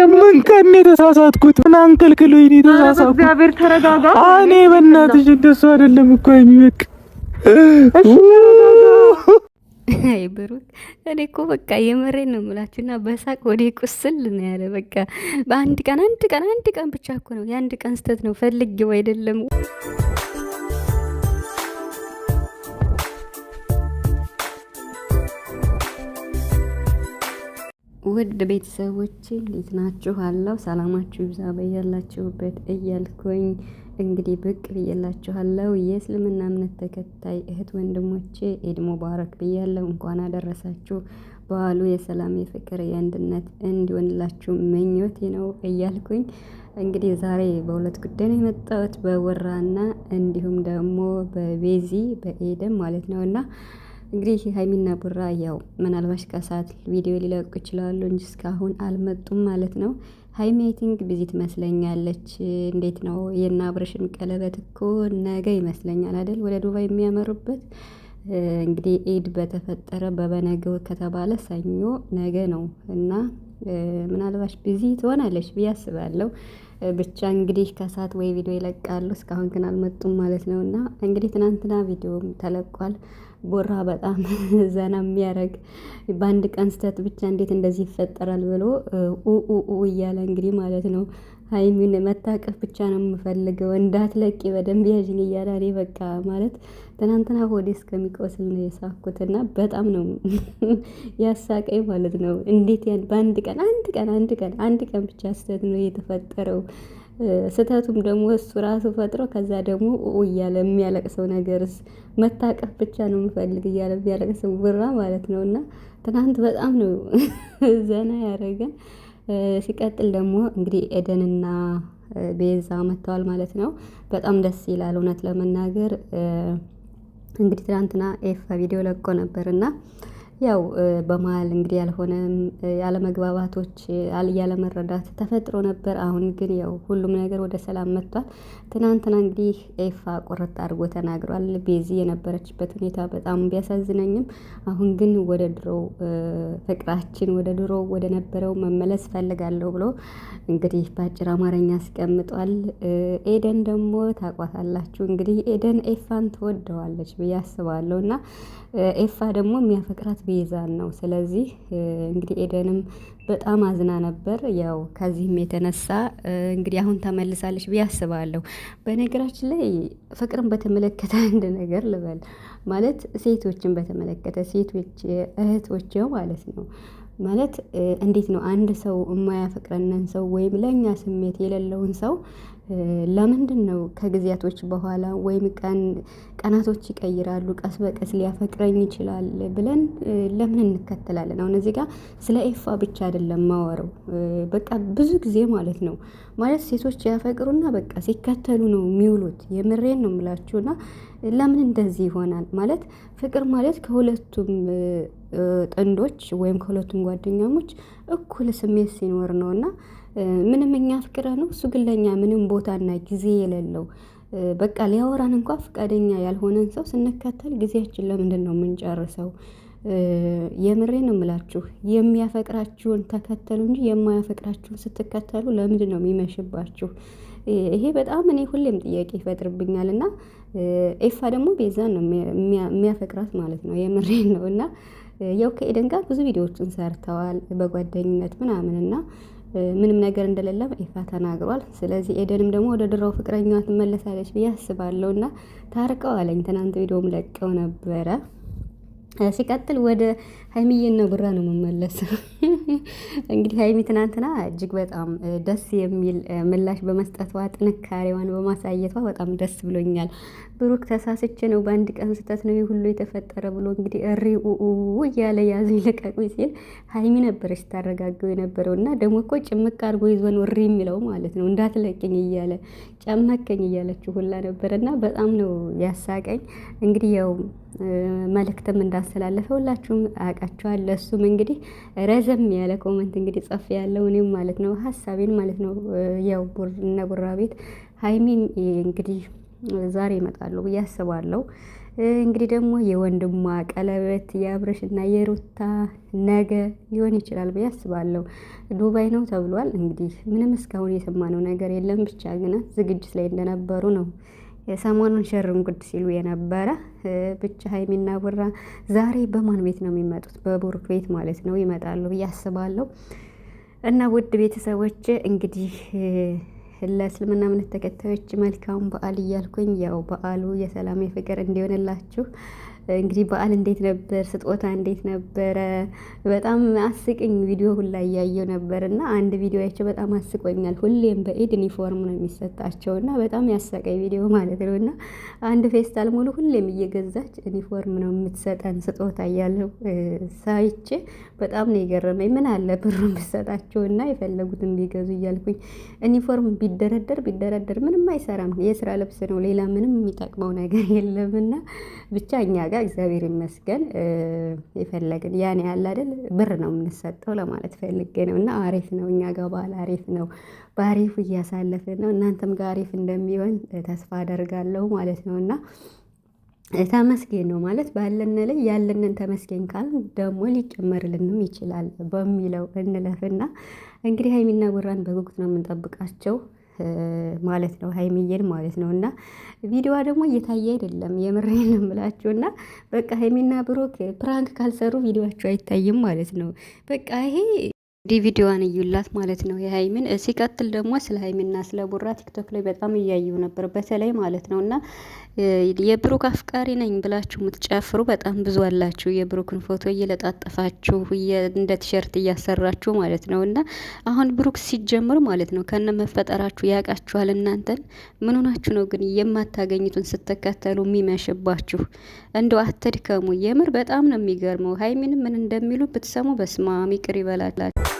ደግሞ ምን ቀን የተሳሳትኩት ምን አንቀልቅሎ የተሳሳትኩት? እግዚአብሔር ተረጋጋ። እኔ በእናትሽ እንደሱ አይደለም እኮ የሚበቅ አይ ብሩክ፣ እኔ እኮ በቃ የመሬን ነው የምላችሁ እና በሳቅ ወደ ቁስል ነው ያለ። በቃ በአንድ ቀን አንድ ቀን አንድ ቀን ብቻ እኮ ነው የአንድ ቀን ስተት ነው ፈልጌው አይደለም። ውድ ቤተሰቦቼ እንዴት ናችሁ? አለው ሰላማችሁ ይብዛ በያላችሁበት እያልኩኝ እንግዲህ ብቅ ብዬላችኋለሁ። የእስልምና እምነት ተከታይ እህት ወንድሞቼ ኢድ ሙባረክ ብያለሁ። እንኳን አደረሳችሁ። በዓሉ የሰላም የፍቅር፣ የአንድነት እንዲሆንላችሁ ምኞቴ ነው እያልኩኝ እንግዲህ ዛሬ በሁለት ጉዳይ ነው የመጣሁት፣ በወራና እንዲሁም ደግሞ በቤዚ በኤደም ማለት ነው እና እንግዲህ ሀይሚና ቡራ ያው ምናልባሽ ከሰዓት ቪዲዮ ሊለቁ ይችላሉ እንጂ እስካሁን አልመጡም ማለት ነው። ሀይሚ አይ ቲንክ ቢዚ ትመስለኛለች። እንዴት ነው የና አብርሽን ቀለበት እኮ ነገ ይመስለኛል አይደል ወደ ዱባይ የሚያመሩበት። እንግዲህ ኤድ በተፈጠረ በበነገው ከተባለ ሰኞ ነገ ነው እና ምናልባሽ ቢዚ ትሆናለች ብዬ አስባለሁ። ብቻ እንግዲህ ከሰዓት ወይ ቪዲዮ ይለቃሉ። እስካሁን ግን አልመጡም ማለት ነው። እና እንግዲህ ትናንትና ቪዲዮም ተለቋል። ቦራ በጣም ዘና የሚያደርግ በአንድ ቀን ስተት ብቻ እንዴት እንደዚህ ይፈጠራል ብሎ ኡኡኡ እያለ እንግዲህ ማለት ነው ሀይሚን መታቀፍ ብቻ ነው የምፈልገው እንዳትለቂ በደንብ ያዥኝ እያለ እኔ በቃ ማለት ትናንትና ሆዴ እስከሚቆስል ነው የሳኩትና በጣም ነው ያሳቀኝ ማለት ነው። እንዴት በአንድ ቀን አንድ ቀን አንድ ቀን አንድ ቀን ብቻ ስተት ነው እየተፈጠረው ስህተቱም ደግሞ እሱ ራሱ ፈጥሮ ከዛ ደግሞ እያለ የሚያለቅሰው ነገርስ መታቀፍ ብቻ ነው የምፈልግ እያለ የሚያለቅሰው ብራ ማለት ነው። እና ትናንት በጣም ነው ዘና ያደረገን። ሲቀጥል ደግሞ እንግዲህ ኤደንና ቤዛ መጥተዋል ማለት ነው። በጣም ደስ ይላል እውነት ለመናገር እንግዲህ ትናንትና ኤፋ ቪዲዮ ለቆ ነበር እና ያው በመሃል እንግዲህ ያልሆነ ያለመግባባቶች ያለመረዳት ተፈጥሮ ነበር። አሁን ግን ያው ሁሉም ነገር ወደ ሰላም መጥቷል። ትናንትና እንግዲህ ኤፋ ቆረጥ አድርጎ ተናግሯል። ቤዚ የነበረችበት ሁኔታ በጣም ቢያሳዝነኝም አሁን ግን ወደ ድሮ ፍቅራችን ወደ ድሮው ወደ ነበረው መመለስ ፈልጋለሁ ብሎ እንግዲህ በአጭር አማርኛ አስቀምጧል። ኤደን ደግሞ ታቋታላችሁ እንግዲህ ኤደን ኤፋን ትወደዋለች ብዬ አስባለሁ እና ኤፋ ደግሞ የሚያፈቅራት ቤዛን ነው። ስለዚህ እንግዲህ ኤደንም በጣም አዝና ነበር። ያው ከዚህም የተነሳ እንግዲህ አሁን ተመልሳለች ብዬ አስባለሁ። በነገራችን ላይ ፍቅርን በተመለከተ አንድ ነገር ልበል፣ ማለት ሴቶችን በተመለከተ ሴቶች እህቶቼው ማለት ነው ማለት እንዴት ነው አንድ ሰው የማያፈቅረንን ሰው ወይም ለእኛ ስሜት የሌለውን ሰው ለምንድን ነው ከጊዜያቶች በኋላ ወይም ቀናቶች ይቀይራሉ፣ ቀስ በቀስ ሊያፈቅረኝ ይችላል ብለን ለምን እንከተላለን? አሁን እዚህ ጋር ስለ ኤፋ ብቻ አይደለም ማወረው። በቃ ብዙ ጊዜ ማለት ነው ማለት ሴቶች ያፈቅሩና በቃ ሲከተሉ ነው የሚውሉት። የምሬን ነው የምላችሁና ለምን እንደዚህ ይሆናል? ማለት ፍቅር ማለት ከሁለቱም ጥንዶች ወይም ከሁለቱም ጓደኛሞች እኩል ስሜት ሲኖር ነውና ምንም እኛ ፍቅረ ነው እሱ ግን ለእኛ ምንም ቦታና ጊዜ የሌለው በቃ ሊያወራን እንኳ ፈቃደኛ ያልሆነን ሰው ስንከተል ጊዜያችን ለምንድን ነው የምንጨርሰው? የምሬን ምላችሁ? የሚያፈቅራችሁን ተከተሉ እንጂ የማያፈቅራችሁን ስትከተሉ ለምንድን ነው የሚመሽባችሁ? ይሄ በጣም እኔ ሁሌም ጥያቄ ይፈጥርብኛል። እና ኤፋ ደግሞ ቤዛ ነው የሚያፈቅራት ማለት ነው። የምሬን ነው። እና ያው ከኤደን ጋር ብዙ ቪዲዮዎችን ሰርተዋል በጓደኝነት ምናምን እና ምንም ነገር እንደሌለ ኢፋ ተናግሯል። ስለዚህ ኤደንም ደግሞ ወደ ድሮው ፍቅረኛዋ ትመለሳለች ብዬ አስባለሁ እና ታርቀው አለኝ። ትናንት ቪዲዮም ለቀው ነበረ። ሲቀጥል ወደ ሀይሚዬና ጉራ ነው የምመለሰው። እንግዲህ ሀይሚ ትናንትና እጅግ በጣም ደስ የሚል ምላሽ በመስጠቷ ጥንካሬዋን በማሳየቷ በጣም ደስ ብሎኛል። ብሩክ ተሳስቼ ነው በአንድ ቀን ስህተት ነው ሁሉ የተፈጠረ ብሎ እንግዲህ እሪ እያለ ያዙ ይለቀቁኝ ሲል ሀይሚ ነበረች ታረጋገው የነበረው እና ደግሞ እኮ ጭምቅ አድርጎ ይዞ ነው እሪ የሚለው ማለት ነው እንዳትለቅኝ እያለ ጨመከኝ እያለችው ሁላ ነበረ እና በጣም ነው ያሳቀኝ። እንግዲህ ያው መልእክትም እንዳስተላለፈ ሁላችሁም አውቃችኋል። ለእሱም እንግዲህ ረዘም ያለ ኮመንት እንግዲህ ጸፍ ያለው እኔም ማለት ነው ሀሳቤን ማለት ነው። ያው እና ቡራ ቤት ሀይሚን እንግዲህ ዛሬ ይመጣሉ ብዬ አስባለሁ። እንግዲህ ደግሞ የወንድሟ ቀለበት የአብረሽና የሩታ ነገ ሊሆን ይችላል ብዬ አስባለሁ። ዱባይ ነው ተብሏል። እንግዲህ ምንም እስካሁን የሰማነው ነገር የለም። ብቻ ግን ዝግጅት ላይ እንደነበሩ ነው ሰሞኑን ሸርም ጉድ ሲሉ የነበረ ብቻ ሀይሚና ቡራ ዛሬ በማን ቤት ነው የሚመጡት? በቡሩክ ቤት ማለት ነው ይመጣሉ ብዬ አስባለሁ። እና ውድ ቤተሰቦች እንግዲህ ለእስልምና እምነት ተከታዮች መልካም በዓል እያልኩኝ ያው በዓሉ የሰላም የፍቅር እንዲሆንላችሁ እንግዲህ በዓል እንዴት ነበር? ስጦታ እንዴት ነበረ? በጣም አስቅኝ ቪዲዮ ሁላ እያየው ነበር እና አንድ ያቸው በጣም አስቆኛል። ሁሌም በኢድ ዩኒፎርም ነው የሚሰጣቸው እና በጣም ያሳቀኝ ቪዲዮ ማለት ነው እና አንድ ፌስታል ሙሉ ሁሌም እየገዛች ዩኒፎርም ነው የምትሰጠን ስጦታ እያለው ሳይቼ በጣም ነው የገረመኝ። ምን አለ ብሩ ብሰጣቸው እና የፈለጉትን ቢገዙ እያልኩኝ ዩኒፎርም ቢደረደር ቢደረደር ምንም አይሰራም። የስራ ልብስ ነው፣ ሌላ ምንም የሚጠቅመው ነገር የለም እና ብቻ እኛ ጋር ጋር እግዚአብሔር ይመስገን የፈለግን ያን ያለ አይደል ብር ነው የምንሰጠው ለማለት ፈልጌ ነው። እና አሪፍ ነው፣ እኛ ጋር በዓል አሪፍ ነው፣ በአሪፉ እያሳለፍን ነው። እናንተም ጋር አሪፍ እንደሚሆን ተስፋ አደርጋለሁ ማለት ነው እና ተመስገን ነው ማለት ባለን ላይ ያለንን ተመስገን ካል ደግሞ ሊጨመርልንም ይችላል በሚለው እንለፍና እንግዲህ ሀይሚና ጉራን በጉጉት ነው የምንጠብቃቸው። ማለት ነው ሀይሚዬን ማለት ነው። እና ቪዲዮዋ ደግሞ እየታየ አይደለም የምሬን እምላችሁ እና በቃ ሀይሚና ብሩክ ፕራንክ ካልሰሩ ቪዲዮቸው አይታይም ማለት ነው። በቃ ይሄ እንዲህ ቪዲዮዋን እዩላት ማለት ነው የሀይሚን። ሲቀጥል ደግሞ ስለ ሀይሚና ስለ ቡራ ቲክቶክ ላይ በጣም እያየው ነበር በተለይ ማለት ነው። እና የብሩክ አፍቃሪ ነኝ ብላችሁ የምትጨፍሩ በጣም ብዙ አላችሁ። የብሩክን ፎቶ እየለጣጠፋችሁ እንደ ቲሸርት እያሰራችሁ ማለት ነው። እና አሁን ብሩክ ሲጀምር ማለት ነው ከነ መፈጠራችሁ ያውቃችኋል። እናንተን ምን ሆናችሁ ነው ግን የማታገኙትን ስትከተሉ የሚመሽባችሁ? እንደው አትድከሙ። የምር በጣም ነው የሚገርመው። ሀይሚን ምን እንደሚሉ ብትሰሙ በስማ ይቅር ይበላላችሁ።